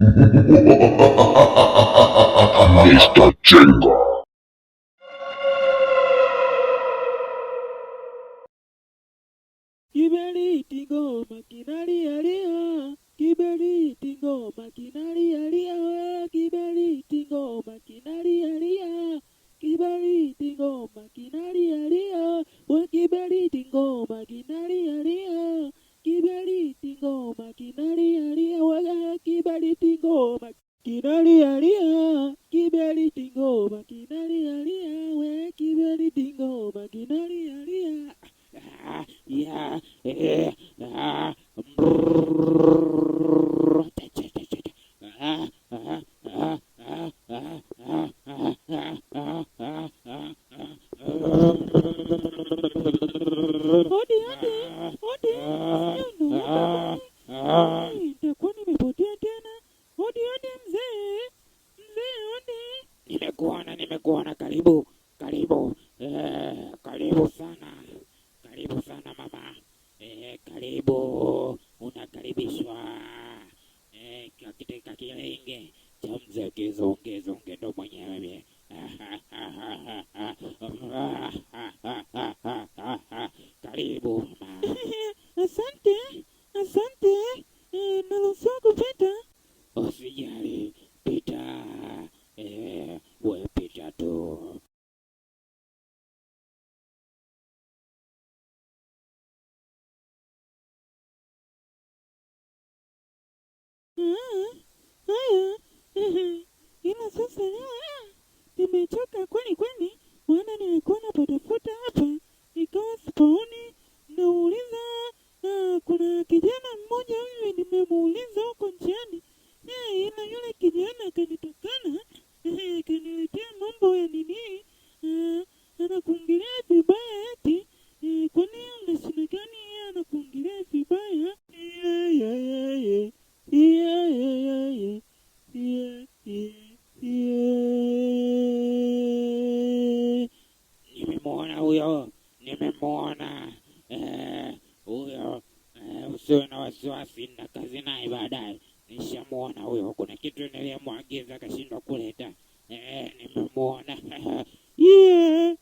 Mr. Jenga. Kiberiti ngoma kinalia lia, kiberiti ngoma kinalia lia, kiberiti ngoma kinalia lia, kiberiti ngoma kinalia lia, we kiberiti ngoma kinalia lia. singo makinalia lia kibeli dingo makinalia lia we kibeli dingo makinalia ya eh Odi, odi, odi. Nimekuona, nimekuona, karibu karibu, eh, karibu sana, karibu sana mama, eh, karibu, unakaribishwa eh, katika kilinge cha mzee Kizunge Zunge, ndo mwenyewe karibu mama. ila sasa ah, nimechoka kweli kweli, maana nilikuwa napatafuta hapa ikawa sipaoni, nauliza ah, kuna nimemwona huyo, nimemwona eh, huyo eh, usiwe na wasiwasi, na kazi naye baadaye. Nishamwona huyo, kuna kitu niliyemwagiza akashindwa kuleta eh, nimemwona yeah.